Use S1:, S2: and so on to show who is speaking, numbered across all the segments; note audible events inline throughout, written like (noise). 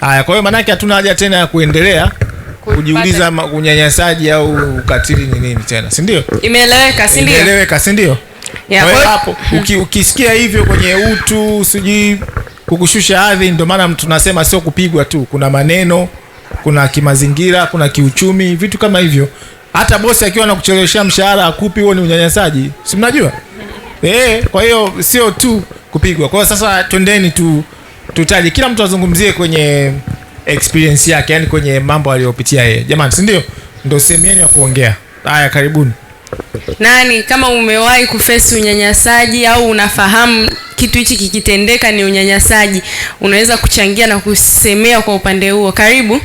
S1: Haya, kwa hiyo maanake hatuna haja tena ya kuendelea kujiuliza unyanyasaji au ukatili ni nini tena, si ndio?
S2: Imeeleweka, si ndio? Imeeleweka,
S1: si ndio? Hapo uki, ukisikia hivyo kwenye utu sijui kukushusha hadhi, ndio maana tunasema sio kupigwa tu, kuna maneno, kuna kimazingira, kuna kiuchumi, vitu kama hivyo. Hata bosi akiwa anakucheleweshea mshahara akupi, huo ni unyanyasaji, si mnajua? Eh, kwa hiyo sio tu kupigwa. Kwa hiyo sasa twendeni tu tutaje, kila mtu azungumzie kwenye experience yake, yani kwenye mambo aliyopitia yeye. Jamani, si ndio? Ndio sehemu yenu ya kuongea. Haya, karibuni.
S2: Nani, kama umewahi kufesi unyanyasaji au unafahamu kitu hichi kikitendeka ni unyanyasaji, unaweza kuchangia na kusemea kwa upande huo. Karibu.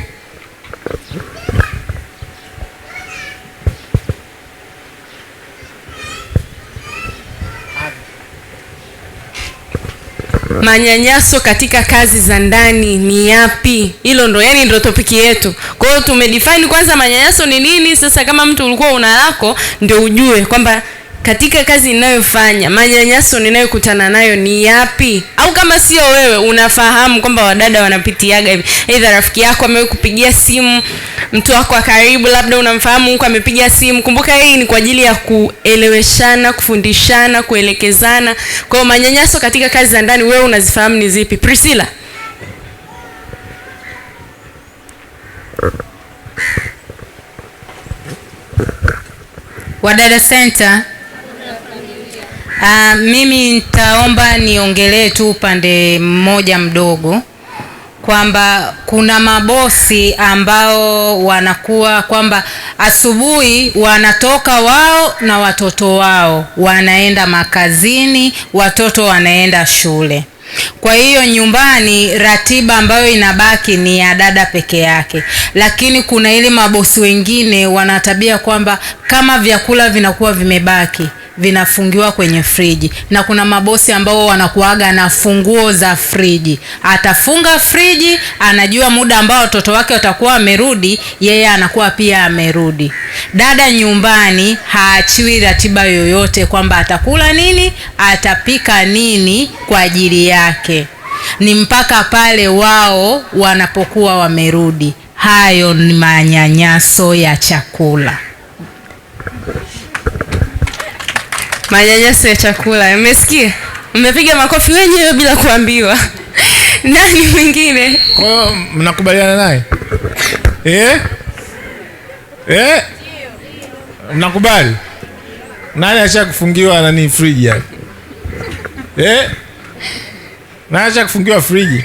S2: manyanyaso katika kazi za ndani ni yapi? Hilo ndo yani ndo topiki yetu. Kwa hiyo tumedefine kwanza manyanyaso ni nini. Sasa kama mtu ulikuwa una lako, ndio ujue kwamba katika kazi inayofanya manyanyaso ninayokutana nayo ni yapi? Au kama sio wewe, unafahamu kwamba wadada wanapitiaga hivi, aidha rafiki yako amekupigia simu, mtu wako wa karibu, labda unamfahamu huko, amepiga simu. Kumbuka hii ni kwa ajili ya kueleweshana, kufundishana, kuelekezana. Kwa manyanyaso katika kazi za ndani, wewe unazifahamu ni zipi, Priscilla?
S3: Wadada Center Uh, mimi nitaomba niongelee tu upande mmoja mdogo kwamba kuna mabosi ambao wanakuwa kwamba asubuhi wanatoka wao na watoto wao wanaenda makazini, watoto wanaenda shule. Kwa hiyo nyumbani ratiba ambayo inabaki ni ya dada peke yake, lakini kuna ile mabosi wengine wanatabia kwamba kama vyakula vinakuwa vimebaki vinafungiwa kwenye friji, na kuna mabosi ambao wanakuaga na funguo za friji. Atafunga friji, anajua muda ambao watoto wake watakuwa wamerudi, yeye anakuwa pia amerudi. Dada nyumbani haachiwi ratiba yoyote kwamba atakula nini, atapika nini kwa ajili yake, ni mpaka pale wao wanapokuwa wamerudi. Hayo ni manyanyaso ya chakula.
S2: Manyanyaso ya chakula Umesikia? Umepiga makofi wenyewe bila kuambiwa. (laughs) Nani mwingine?
S1: Kwa hiyo mnakubaliana naye eh? Eh? Mnakubali? Nani acha kufungiwa nani friji hapa? Eh? Nani acha kufungiwa friji?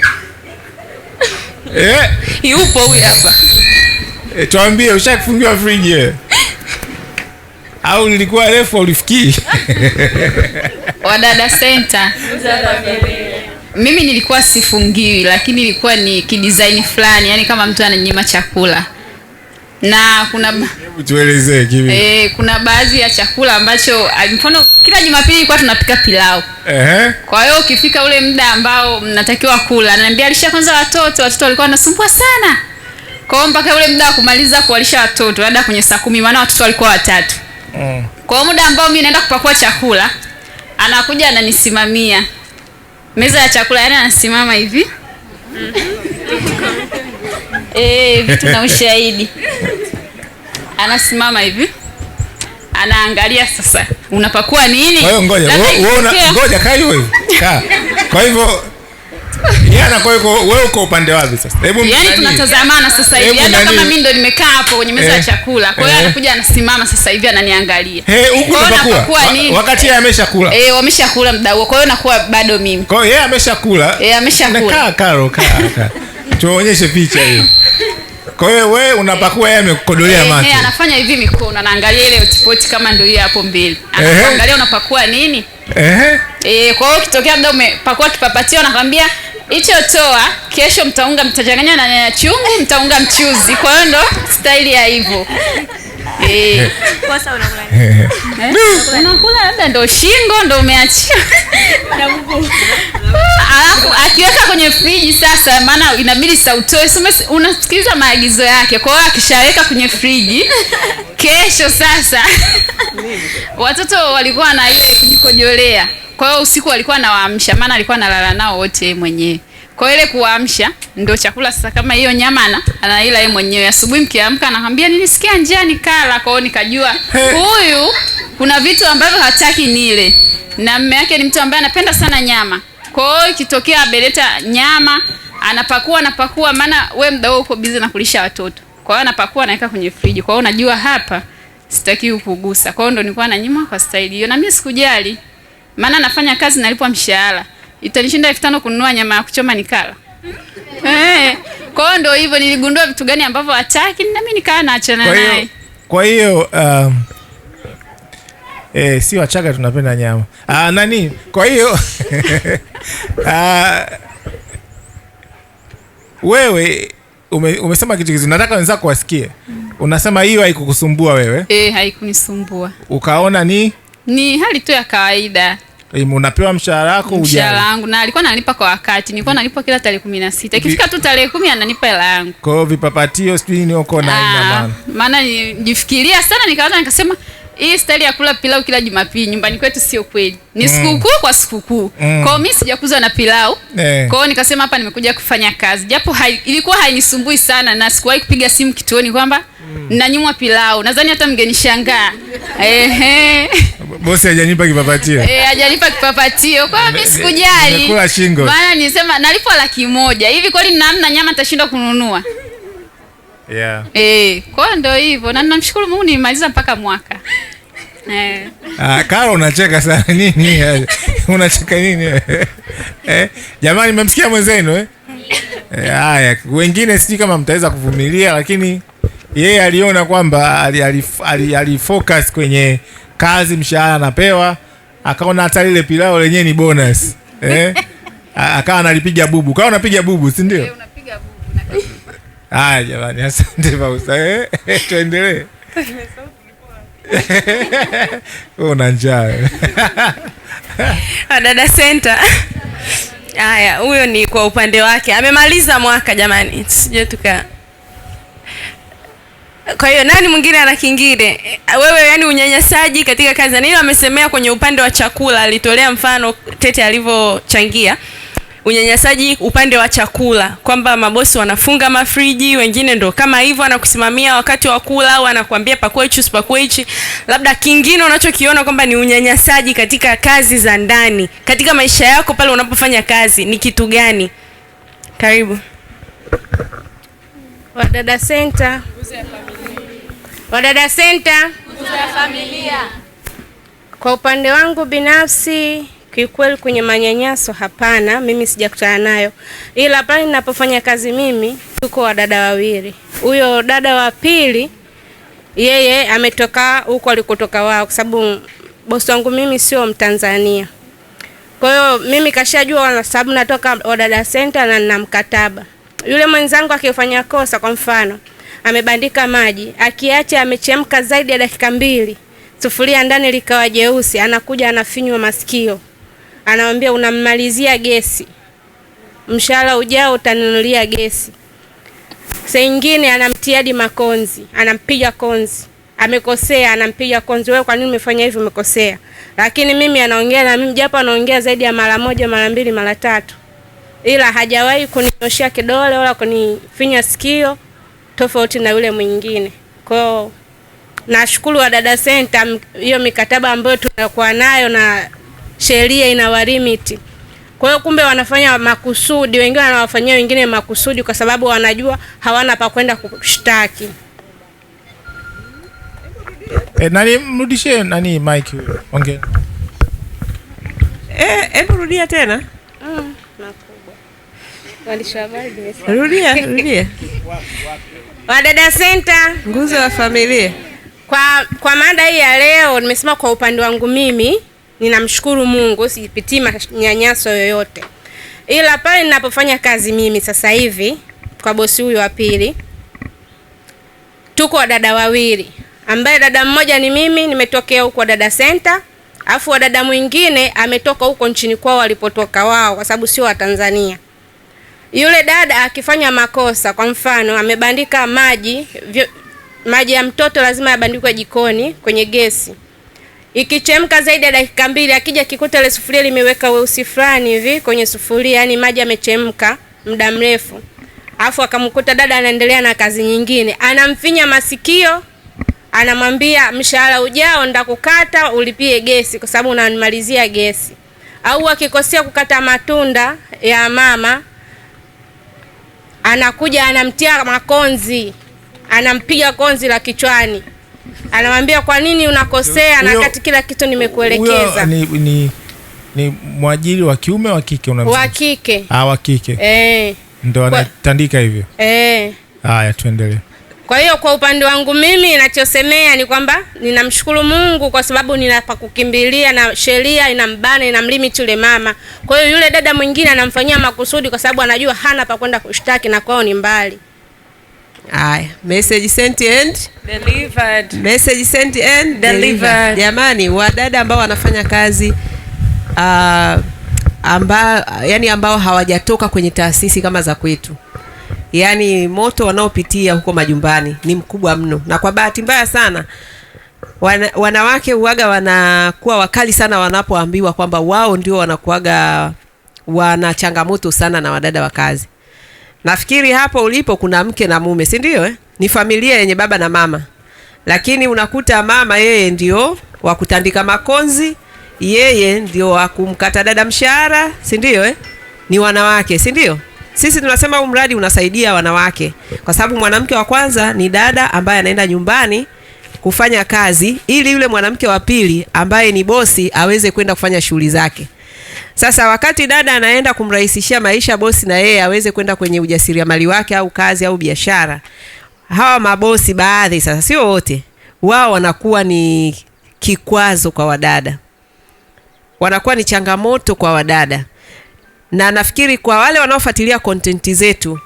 S1: Eh?
S2: Yupo huyu hapa.
S1: Eh, tuambie ushakufungiwa friji wewe? au nilikuwa refu ulifikii?
S2: (laughs) Wadada Center, mimi nilikuwa sifungiwi, lakini ilikuwa ni kidesign fulani, yani kama mtu ananyima chakula na kuna hebu
S1: tuelezee kivi
S2: eh, kuna baadhi ya chakula ambacho mfano kila Jumapili ilikuwa tunapika pilau eh. Kwa hiyo ukifika ule muda ambao mnatakiwa kula, ananiambia alisha kwanza watoto, watoto walikuwa wanasumbua sana. Kwa hiyo mpaka ule muda wa kumaliza kuwalisha watoto, labda kwenye saa kumi, maana watoto walikuwa watatu mm. Kwa muda ambao mimi naenda kupakua chakula anakuja ananisimamia meza ya chakula, yani anasimama hivi (laughs) e, vitu na ushahidi, anasimama hivi anaangalia sasa unapakua nini.
S1: Kwa hiyo ngoja ngoja, kaa (laughs) hiyo, kaa. Kwa hivyo (laughs) yana kwa hiyo wewe uko upande wapi sasa
S2: yaani tunatazamana sasa hivi yani kama mimi ndo nimekaa hapo kwenye meza ya eh, chakula kwa hiyo eh. anakuja anasimama sasa hivi ananiangalia
S1: eh, wakati yeye ameshakula
S2: eh wameshakula muda huo kwa hiyo nakuwa bado mimi
S1: kwa yeye ameshakula
S2: eh ameshakula
S1: kaa karo kaa tuonyeshe picha hiyo kwa hiyo wewe unapakua yeye amekodolea macho.
S2: anafanya hivi mikono, anaangalia ile hotspot kama ndio hiyo hapo mbele. Anaangalia unapakua nini?
S1: Eh.
S2: kwa hiyo kitokea labda umepakua kipapatio anakwambia hicho toa kesho, mtaunga mtachanganya na nyanya chungu, mtaunga mchuzi. Kwa hiyo ndo staili ya hivyo (laughs) eh. Eh. eh. Unakula labda ndo shingo ndo umeachia (laughs) ah, alafu akiweka kwenye friji sasa, maana inabidi sautoe, unasikiliza maagizo yake. Kwa hiyo akishaweka kwenye friji (laughs) kesho sasa watoto walikuwa na ile kujikojolea, kwa hiyo usiku walikuwa nawaamsha, maana alikuwa analala nao wote mwenyewe kwa ile kuamsha ndio chakula sasa. Kama hiyo nyama na anaila yeye mwenyewe, asubuhi mkiamka anakwambia nilisikia njia nikala. Kwao nikajua huyu kuna vitu ambavyo hataki nile, na mme yake ni mtu ambaye anapenda sana nyama. Kwa hiyo ikitokea ameleta nyama anapakua anapakua, maana we mda huo uko busy na kulisha watoto, kwa hiyo anapakua anaweka kwenye friji, kwa hiyo unajua hapa sitaki kugusa. Kwa hiyo ndo nilikuwa nanyimwa kwa staili hiyo, na mimi sikujali, maana nafanya kazi nalipwa mshahara, itanishinda elfu tano kununua nyama ya kuchoma nikala (laughs) eh. Kwa hiyo ndo hivyo, niligundua vitu gani ambavyo hataki, na mimi nikaa naachana naye.
S1: Kwa hiyo um, eh, si Wachaga tunapenda nyama. ah, nani kwa hiyo (laughs) ah, wewe ume, umesema kitu kizuri, nataka wenzako wasikie. Unasema hiyo haikukusumbua wewe?
S2: E, haikunisumbua.
S1: Ukaona ni
S2: ni hali tu ya kawaida.
S1: Unapewa mshahara wako ujao. Mshahara
S2: wangu na alikuwa ananipa kwa wakati. Nilikuwa nalipa kila tarehe 16. Ikifika tu tarehe 10 ananipa hela yangu.
S1: Kwa hiyo vipapatio sijui ni uko na ina ah, maana.
S2: Maana nijifikiria sana nikaanza nikasema hii staili ya kula pilau kila Jumapili nyumbani kwetu sio kweli, ni mm. sikukuu mm. kwa sikukuu mm. Kwao mimi sijakuzwa na pilau eh. hiyo nikasema hapa nimekuja kufanya kazi, japo hai, ilikuwa hainisumbui sana na sikuwahi kupiga simu kituoni kwamba mm. nanyimwa pilau. Nadhani hata mgenishangaa ehe,
S1: bosi hajanipa kipapatio
S2: eh, hajanipa kipapatio. Kwa mimi sikujali,
S1: nilikula shingo,
S2: maana nilisema nalipo laki moja hivi, kweli namna nyama nitashindwa kununua? yeah. Eh, kwa ndo hivyo na namshukuru Mungu nimemaliza mpaka mwaka
S1: eh. Ah, Karo unacheka sana (laughs) nini? unacheka nini? eh, jamani mmemsikia mwenzenu eh? eh? Haya, wengine sijui kama mtaweza kuvumilia, lakini yeye aliona kwamba alifocus ali, ali, ali kwenye kazi, mshahara anapewa, akaona hata lile pilao lenyewe ni bonus eh? Akawa analipiga bubu, kawa unapiga bubu, si ndio? Haya jamani, asante Fausta, eh, eh, eh, tuendelee. (laughs) Una njaa
S2: ah, dada Center. Haya, huyo ni kwa upande wake, amemaliza mwaka jamani, Sije tuka kwa hiyo nani mwingine ana kingine? Wewe yani unyanyasaji katika kazi, na amesemea kwenye upande wa chakula, alitolea mfano Tete alivyochangia unyanyasaji upande wa chakula, kwamba mabosi wanafunga mafriji, wengine ndo kama hivyo, anakusimamia wakati wa kula au anakuambia pakua hichi usipakue hichi. Labda kingine unachokiona kwamba ni unyanyasaji katika kazi za ndani, katika maisha yako pale unapofanya kazi ni kitu gani? Karibu
S3: Wadada Center. Wadada Center. Kwa upande wangu binafsi Kiukweli kwenye manyanyaso hapana, mimi sijakutana nayo, ila pale ninapofanya kazi mimi, tuko wadada wawili. Huyo dada wa pili yeye ametoka huko alikotoka wao, kwa sababu bosi wangu mimi sio Mtanzania. Kwa hiyo mimi kashajua, kwa sababu natoka Wadada Center na nina mkataba. Yule mwenzangu akifanya kosa, kwa mfano amebandika maji, akiacha amechemka zaidi ya dakika mbili, sufuria ndani likawa jeusi, anakuja anafinywa masikio anamwambia unammalizia gesi, mshahara ujao utanunulia gesi. Saa ingine anamtia hadi makonzi, anampiga konzi, amekosea, anampiga konzi, wewe kwa nini umefanya hivyo? Umekosea. Lakini mimi anaongea na mimi, japo anaongea zaidi ya mara moja, mara mbili, mara tatu, ila hajawahi kuninyoshia kidole wala kunifinya sikio, tofauti na yule mwingine. Kwa hiyo nashukuru Wadada Center hiyo mikataba ambayo tunakuwa nayo na sheria inawalimiti. Kwa hiyo kumbe wanafanya makusudi, wengine wanawafanyia wengine makusudi, kwa sababu wanajua hawana pa kwenda kushtaki.
S1: E, nani mrudishie nani mic onge.
S2: Eh, hebu rudia tena. Mm, rudia, (laughs) rudia.
S3: Wadada Center,
S2: nguzo ya familia.
S3: Kwa kwa mada hii ya leo nimesema kwa upande wangu mimi ninamshukuru Mungu, sipitii manyanyaso yoyote, ila pale ninapofanya kazi mimi sasa hivi kwa bosi huyu wa pili, tuko wadada wawili, ambaye dada mmoja ni mimi, nimetokea huko dada center, afu wadada mwingine ametoka huko nchini kwao walipotoka wao, kwa sababu sio Watanzania. Yule dada akifanya makosa, kwa mfano amebandika maji vyo, maji ya mtoto lazima yabandikwe jikoni kwenye gesi ikichemka zaidi ya dakika mbili, akija kikuta ile sufuria limeweka weusi fulani hivi kwenye sufuria, yani maji yamechemka muda mrefu, alafu akamkuta dada anaendelea na kazi nyingine, anamfinya masikio, anamwambia mshahara ujao ndakukata ulipie gesi, kwa sababu unanimalizia gesi. Au akikosea kukata matunda ya mama, anakuja anamtia makonzi, anampiga konzi la kichwani anamwambia kwa nini unakosea na kati kila kitu nimekuelekeza. Ni,
S1: ni, ni mwajiri wa kiume wa kike?
S3: Wa kike.
S1: Ah, wa kike eh, ndo anatandika hivyo eh. Haya, tuendelee.
S3: Kwa hiyo kwa upande wangu mimi ninachosemea ni kwamba ninamshukuru Mungu kwa sababu nina pa kukimbilia na sheria inambana inamlimit yule mama. Kwa hiyo yule dada mwingine anamfanyia makusudi kwa sababu anajua hana pa kwenda kushtaki na kwao ni mbali.
S2: Haya, message sent and
S4: delivered.
S2: Message sent and delivered. Jamani, wadada ambao wanafanya kazi uh, amba, yani ambao hawajatoka kwenye taasisi kama za kwetu, yani moto wanaopitia huko majumbani ni mkubwa mno, na kwa bahati mbaya sana wana, wanawake uwaga wanakuwa wakali sana wanapoambiwa kwamba wao ndio wanakuwaga wana changamoto sana na wadada wa kazi Nafikiri hapo ulipo kuna mke na mume, si ndio eh? Ni familia yenye baba na mama, lakini unakuta mama yeye ndio wa kutandika makonzi, yeye ndio wa kumkata dada mshahara, si ndio eh? Ni wanawake, si ndio? Sisi tunasema huu mradi unasaidia wanawake, kwa sababu mwanamke wa kwanza ni dada ambaye anaenda nyumbani kufanya kazi ili yule mwanamke wa pili ambaye ni bosi aweze kwenda kufanya shughuli zake. Sasa wakati dada anaenda kumrahisishia maisha bosi na yeye aweze kwenda kwenye ujasiriamali wake au kazi au biashara, hawa mabosi baadhi, sasa sio wote, wao wanakuwa ni kikwazo kwa wadada, wanakuwa ni changamoto kwa wadada, na nafikiri kwa wale wanaofuatilia kontenti zetu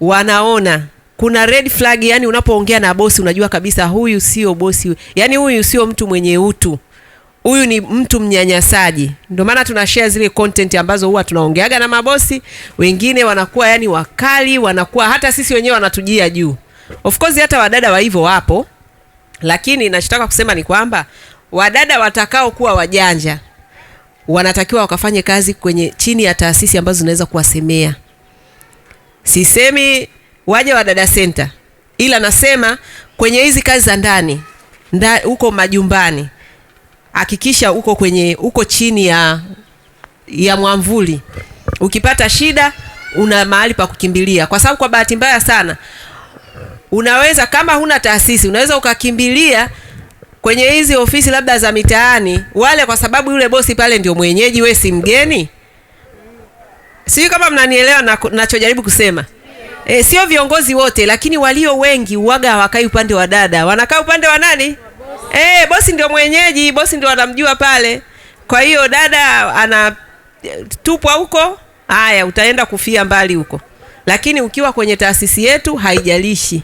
S2: wanaona kuna red flag. Yani unapoongea na bosi unajua kabisa huyu sio bosi, yani huyu sio mtu mwenye utu huyu ni mtu mnyanyasaji. Ndio maana tuna share zile content ambazo huwa tunaongeaga na mabosi wengine, wanakuwa yani wakali, wanakuwa hata sisi wenyewe wanatujia juu. Of course hata wadada wa hivyo wapo, lakini nachotaka kusema ni kwamba wadada watakao kuwa wajanja wanatakiwa wakafanye kazi kwenye chini ya taasisi ambazo zinaweza kuwasemea. Sisemi waje Wadada Center, ila nasema kwenye hizi kazi za ndani huko majumbani hakikisha uko kwenye uko chini ya ya mwamvuli. Ukipata shida, una mahali pa kukimbilia, kwa sababu kwa bahati mbaya sana unaweza kama huna taasisi, unaweza ukakimbilia kwenye hizi ofisi labda za mitaani wale, kwa sababu yule bosi pale ndio mwenyeji, we si mgeni. Sijui kama mnanielewa nachojaribu na kusema. E, sio viongozi wote, lakini walio wengi uwaga hawakai upande wa dada, wanakaa upande wa nani? Eh, bosi ndio mwenyeji, bosi ndio anamjua pale. Kwa hiyo dada anatupwa huko, haya utaenda kufia mbali huko. Lakini ukiwa kwenye taasisi yetu haijalishi,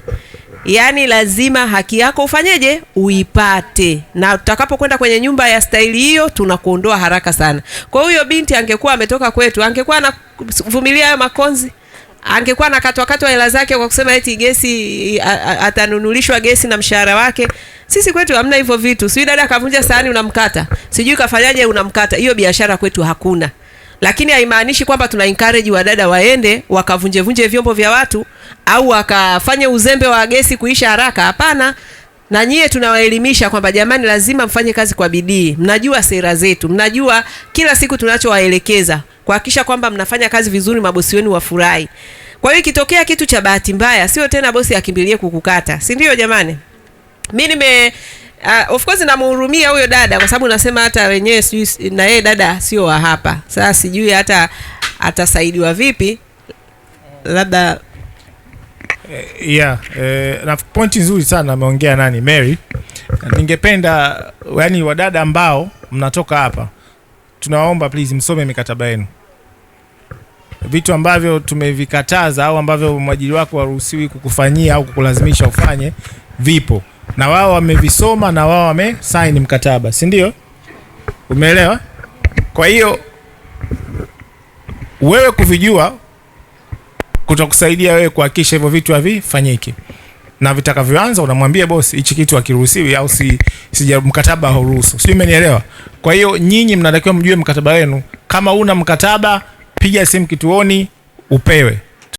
S2: yaani lazima haki yako ufanyeje, uipate, na tutakapokwenda kwenye nyumba ya staili hiyo tunakuondoa haraka sana. Kwa hiyo binti angekuwa ametoka kwetu, angekuwa anavumilia hayo makonzi angekuwa anakatwakatwa hela zake kwa kusema eti gesi atanunulishwa gesi na mshahara wake. Sisi kwetu hamna hivyo vitu, sijui dada akavunja sahani unamkata, sijui kafanyaje unamkata. Hiyo biashara kwetu hakuna, lakini haimaanishi kwamba tuna encourage wadada waende wakavunjevunje vyombo vya watu au wakafanye uzembe wa gesi kuisha haraka. Hapana na nyie tunawaelimisha kwamba jamani, lazima mfanye kazi kwa bidii. Mnajua sera zetu, mnajua kila siku tunachowaelekeza kuhakikisha kwamba mnafanya kazi vizuri, mabosi wenu wafurahi. Kwa hiyo ikitokea kitu cha bahati mbaya, sio tena bosi akimbilie kukukata, si ndio? Jamani, mi nime Uh, of course namhurumia huyo dada kwa sababu nasema hata wenyewe sijui na yeye dada sio wa hapa. Sasa sijui hata atasaidiwa vipi, labda
S1: Eh, yeah, eh, na pointi nzuri sana ameongea nani Mary. Ningependa yani wadada ambao mnatoka hapa, tunaomba please msome mikataba yenu, vitu ambavyo tumevikataza au ambavyo mwajiri wako haruhusiwi kukufanyia au kukulazimisha ufanye vipo, na wao wamevisoma na wao wamesaini mkataba, si ndio? Umeelewa? Kwa hiyo wewe kuvijua kutakusaidia wewe kuhakikisha hivyo vitu havifanyiki na vitakavyoanza unamwambia bosi, hichi kitu hakiruhusiwi au si, si mkataba hauruhusu. Sijui umenielewa. Kwa hiyo nyinyi mnatakiwa mjue mkataba wenu. Kama una mkataba, piga simu kituoni upewe.